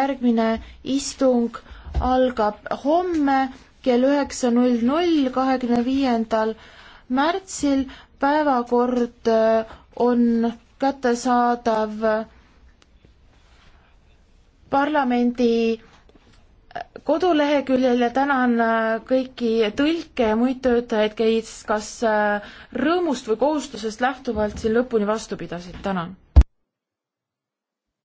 järgmine istung algab homme kell üheksa null null, kahekümne viiendal märtsil. päevakord äh, on kättesaadav parlamendi äh, koduleheküljel ja tänan äh, kõiki tõlke ja muid töötajaid, kes kas rõõmust või kohustusest lähtuvalt siin lõpuni vastu pidasid, tänan